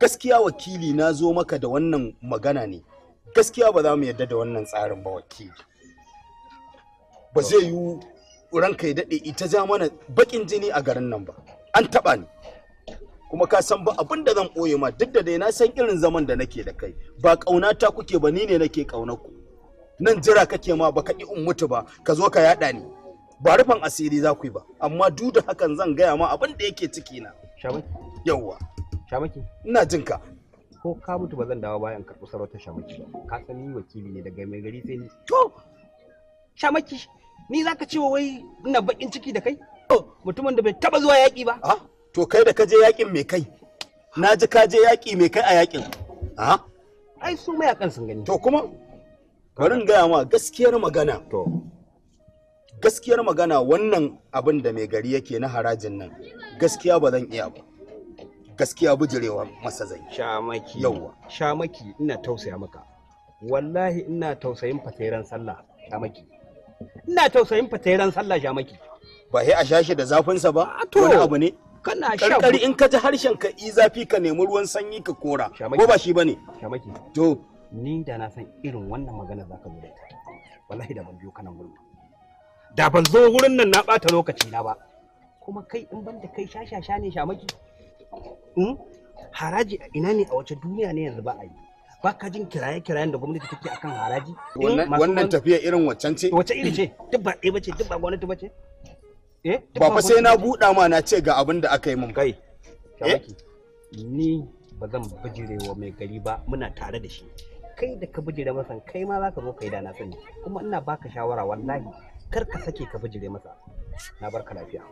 gaskiya wakili na zo maka da wannan magana ne gaskiya ba za mu yarda da wannan tsarin ba wakili ba zai yi ranka ya daɗe ita ja mana baƙin jini a garin nan ba an taɓa ni kuma ka san ba abin da zan ɓoye ma duk da dai na san irin zaman da nake da kai ba ƙaunata kuke ba ni ne nake ƙaunar ku nan jira kake ma baka ƙi in mutu ba ka zo ka yaɗa ni ba rufan asiri za ku yi ba amma duk da hakan zan gaya ma abin da yake ciki na yawwa shamaki ina jin ka ko ka mutu ba zan dawo bayan karɓi sarautar shamaki ba ka san ni wakili ne daga mai gari sai ni to shamaki ni zaka ce wa wai ina bakin ciki da kai mutumin da bai taba zuwa yaƙi ba ah, to kai da ka je yaƙin mai kai na ji ka je yaƙi mai kai a yaƙin ah? ai su mayakan sun gani to kuma bari in gaya ma gaskiyar magana to gaskiyar magana wannan abin da mai gari yake na harajin nan gaskiya ba zan iya ba gaskiya bujirewa masa zai shamaki yawwa shamaki ina tausaya maka wallahi ina tausayin fatairan sallah shamaki ina tausayin fatairan sallah shamaki ba sai a shashi da zafinsa ba ah, wani abu ne kana sha karkari in ka ji harshen ka i zafi ka nemi ruwan sanyi ka kora ko ba shi bane shamaki to ni da na san irin wannan magana zaka zo da ita wallahi da ban biyo kana gurin da ban zo wurin nan na bata lokaci na ba kuma kai in ban da kai shashasha ne shamaki Hmm? haraji a ina ne a wace duniya ne yanzu ba a yi ba ka jin kiraye kirayen da gwamnati take akan haraji eh, wannan tafiya irin waccan ce wace iri ce duk ba ɗaya ce duk ba gwamnati ba ce eh, ba fa sai na buɗa ma na ce ga abin da aka yi mun kai eh? ni ba zan bijirewa mai gari ba muna tare da shi kai da ka bijire masa kai ma zaka zo kai da na sani kuma ina baka shawara wallahi kar ka sake ka bijire masa na barka lafiya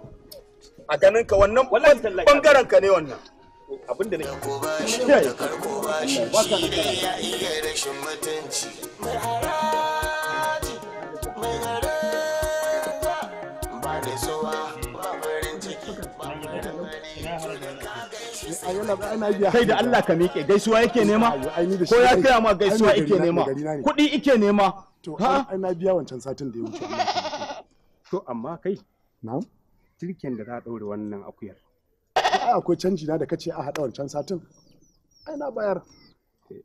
a ganin ka wannan bangaren ka ne wannan abin da nake kai da Allah ka miƙe gaisuwa yake nema ko ya kaya ma gaisuwa yake nema kuɗi yake nema to ai na biya wancan satin da ya wuce to amma kai na'am turken da za a ɗaure wannan akuyar akwai canji na da kace a haɗa wancan satin ai na bayar eh,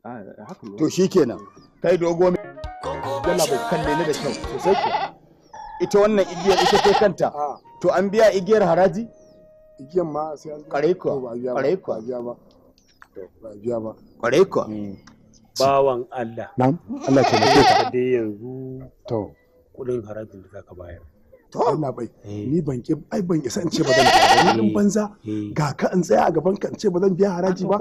to shi kenan kai dogo mai yana bai kalle ni da kyau to sai ko ita wannan igiyar ita kai kanta to an biya igiyar haraji igiyar ma sai an kare ko kare ko ba biya ba to ba biya ba kare ko hmm. bawan Allah na'am Allah ke mutunta da yanzu to kudin harajin da zaka bayar Allah eh. ni ban ki ai ban isa in ce ba zan in eh. banza eh. ga ka in tsaya a gaban ka in ce ba zan biya haraji ba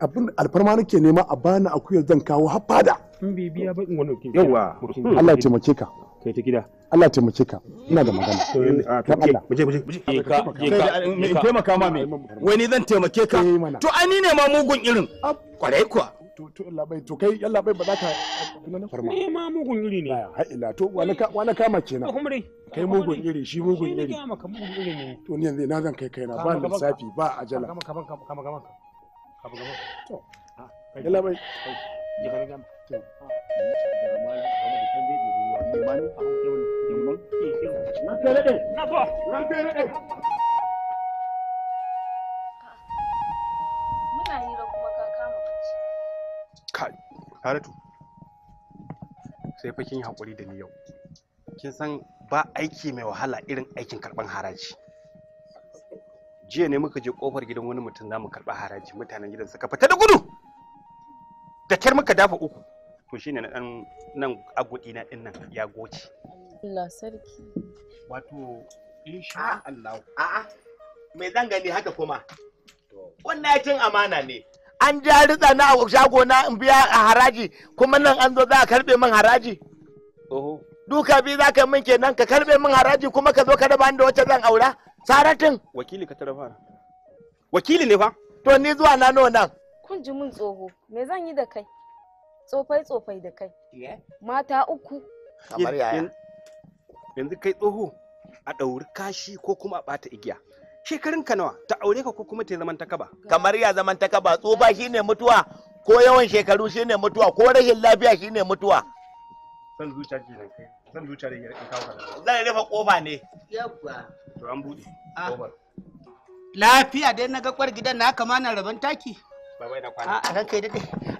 abin alfarma nake nema a bani akuyar zan kawo har fada in bi biya ba in wani kin yawa hmm. Allah ya taimake ka kai ta gida Allah taimake ka ina da magana to ah, Allah ka ka taimaka ma me ka zan taimake ka to ai ni ne ma mugun irin ka kuwa to to kai yalla bai ba za ka farma eh ma mugun iri ne ha ila to wani wani kai mugun iri shi mugun iri ne maka mugun iri ne to ni yanzu ina zan kai kaina ba lissafi ba ajala kama kama kama kama kama kama to ah, gam to na so kai haratu sai fa kin yi hakuri da ni yau kin san ba aiki mai wahala irin aikin karban haraji jiya ne muka je kofar gidan wani mutum za mu karɓa haraji mutanen gidan suka fita da gudu da kyar muka dafa uku to shine na dan nan agudi na din nan ya goce Allah sarki wato insha Allah a'a me zanga ne haka kuma wannan cin amana ne an ja ritsa na shago na in biya a haraji kuma nan an zo za a karbe min haraji duka bi za ka min kenan ka karbe min haraji kuma ka zo ka raba da wacce zan aura saratin wakili ka tarafa wakili ne fa to ni zuwa na nawa nan kun ji mun tsoho me zan yi da kai tsofai tsofai da kai mata uku kamar yaya yanzu kai tsoho a ɗauri kashi ko kuma a bata igiya shekarun ka nawa ta aure ka ko kuma ta zaman takaba kamar ya zaman takaba tsufa shine mutuwa ko yawan shekaru shine mutuwa ko rashin lafiya shine mutuwa san zuciya kenan san zuciya da ya kawo ka zan rufe kofa ne yabba to an bude ah. lafiya dai na ga kwar gidan na kama na rabon taki bai da kwana a ranka dai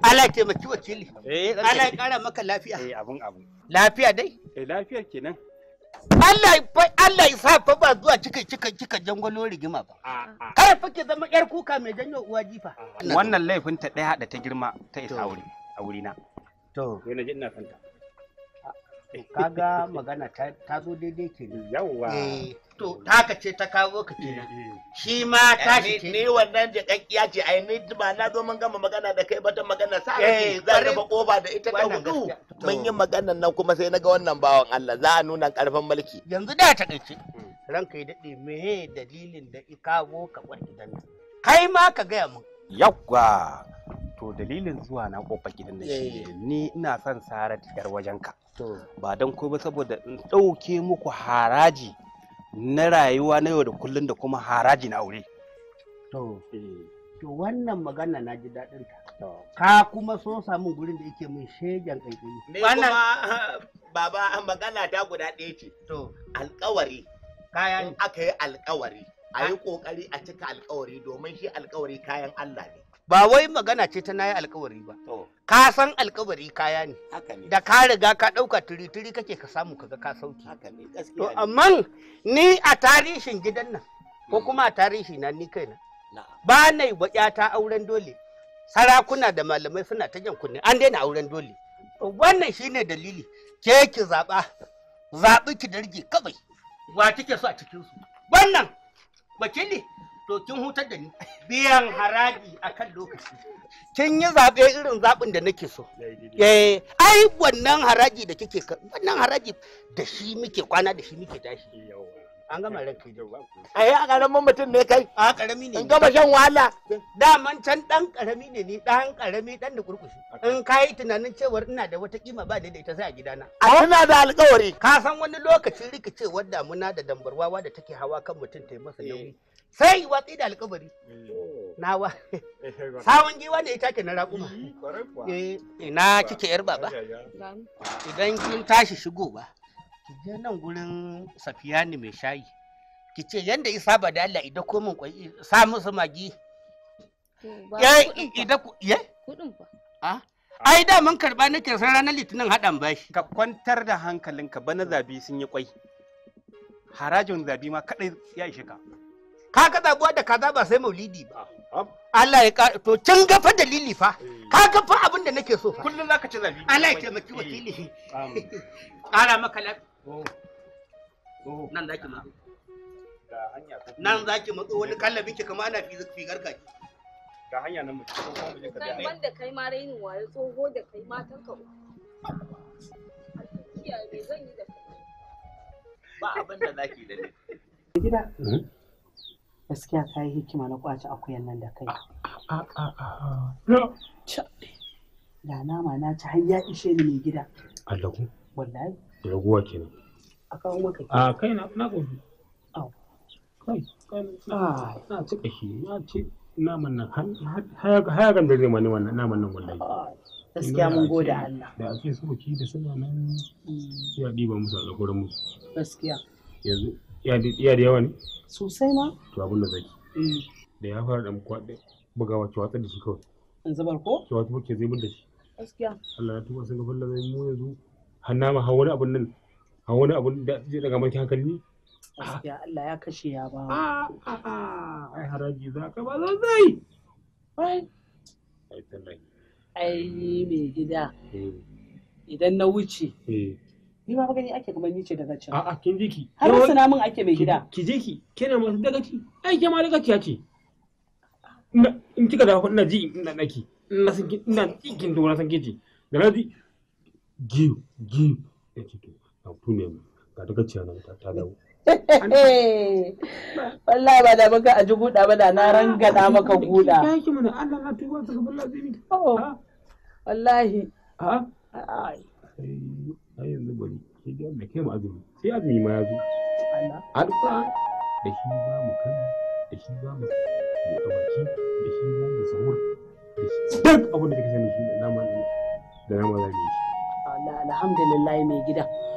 Allah ya taimaki wakili eh Allah ya kara maka lafiya eh abun abun lafiya dai eh lafiya kenan Allah sa fa ba zuwa kika kika kika jangwalo rigima ba. Kai fa zama yar kuka mai janyo uwa jifa. Wannan laifin ta daya da ta girma ta isa wuri a wuri na. To. Ko na ji ina santa. Kaga magana ta zo daidai ke. Yawwa. Eh. to haka ce ta kawo ka ke eh, eh. shi ma eh, ta shi ke ne wannan jakakkiya ce ai ne ba na zo mun gama magana da kai ba ta magana sa eh za ka ba koba da ita ta hudu mun yi maganan nan kuma sai naga wannan bawan Allah za a nuna karfin mulki yanzu da ta kace hmm. ranka ya dade me dalilin da kawo ka kwar gidan nan kai ma ka gaya mun yawwa to dalilin zuwa na kofar gidan na shi ni ina son sarar yar wajenka ba don ko ba saboda in ɗauke muku haraji na rayuwa na yau da kullun da kuma haraji na aure. To, eh. to wannan magana na ji daɗin ta. Ka kuma so samun gurin da yake mun shegen ƙaiƙayi. Ne kuma baba magana ta guda ɗaya ce. To, alƙawari. Kayan aka yi alƙawari. A yi ah. ƙoƙari a cika alƙawari domin shi alƙawari kayan Allah ne. ba wai magana ce ta nayi alkawari ba ka san alkawari kaya ne da ka riga ka ɗauka turi-turi kake ka samu kaga ka sauki to amma ni a tarihin gidan nan ko mm. kuma a tarihi na ni kaina ba na yi ta auren dole sarakuna da malamai suna ta jan kunne an daina auren dole wannan shine dalili ke ki zaɓa zaɓi ki dirge kawai wa kike so a cikin su wannan wakili to kin hutar da ni biyan haraji akan lokaci kin yi zaɓe irin zaɓin da nake so eh ai wannan haraji da kike wannan haraji da shi muke kwana da shi muke tashi an gama ran kai a yi a karamin mutum ne kai a karami ne in gama shan wahala Da man can dan karami ne ni dan karami dan da kurkushi in ka yi tunanin cewar ina da wata kima ba da ita sai a gidana a ina da alƙawari ka san wani lokacin rikicewar damuna da dambarwawa da take hawa kan mutum ta yi masa nauyi sai watsi da alkabari eh. wa? Eh, sawon giwa ne ya take na raƙuma eh, ina kike yar baba idan kin tashi shigo ba ki je nan gurin safiyani mai shayi ki ce yanda isa ba da Allah idan komin kwai sa su magi idan ku ye kudin ba ah? ai da mun karba nake san ranar litinin hadan bashi ka kwantar da hankalinka bana zabi sun yi kwai harajin zabi ma kadai ya ishe ka ka ga zabuwa da kaza ba sai maulidi ba ah, ah. Allah ya ƙara to can gafa dalili fa eh. ka gafa abin da nake so fa kullum zaka ci zabi Allah ya taimaki wakili eh, ƙara maka lafiya oh. Oh. nan zaki ma nan zaki matso wani kallabi ki kama ana figar ki. ga hanya nan mutum ko kuma ka da ban da kai ma rainin waye tsoho da kai matan ka kiyaye zan yi da ba abin da zaki da ni gida hmm? gaskiya ka yi hikima na kwace akuyan nan da kai da nama na ci har ya ishe ni mai gida allahu wallahi raguwa ke nan. a kawo maka ke. a kai na na gobe kai na ci kashi na ci naman nan haya gan da zai mani wannan naman nan wallahi gaskiya mun gode Allah da ake so ki da suna nan ya diba musu a tsakurin musu gaskiya yanzu iya da yawa ne sosai ma to abin da zaki mm. da ya fara da muku wa ki watsar da shi kawai in zubar ko ki watsar ke zai mun da shi gaskiya Allah ya tuba sun ga fulla zai mu yanzu hanna ma ha wani abin nan ha wani abin da zai daga maki hankali ne gaskiya Allah ya kashe ya ba ah, ah, ah. ai haraji za ka ba zan zai ai ai mai gida eh. idan na wuce eh. ni ma gani ake kuma ni ce daga can a'a kin ji ki har suna mun ake mai gida ki je ki kina mu daga ci ai ke ma daga ci ce in kika da ina ji ina naki ina san ina ji kin dora san ji da na ji ji ji da ki to a tune mu ga daga ci nan ta ta dawo wallahi ba da baka a ji guda ba da na rangada maka guda kaki mun Allah na tuba ta gaban lazimi oh. wallahi ai ai yanzu bari sai dai Allah kai mu azumi sai azumi ma ya zo alƙur'an da shi za mu kan da shi za mu buɗe baki da shi za mu sahur da shi duk abin da kake sani shi da nama da nama za mu yi shi alhamdulillah mai gidan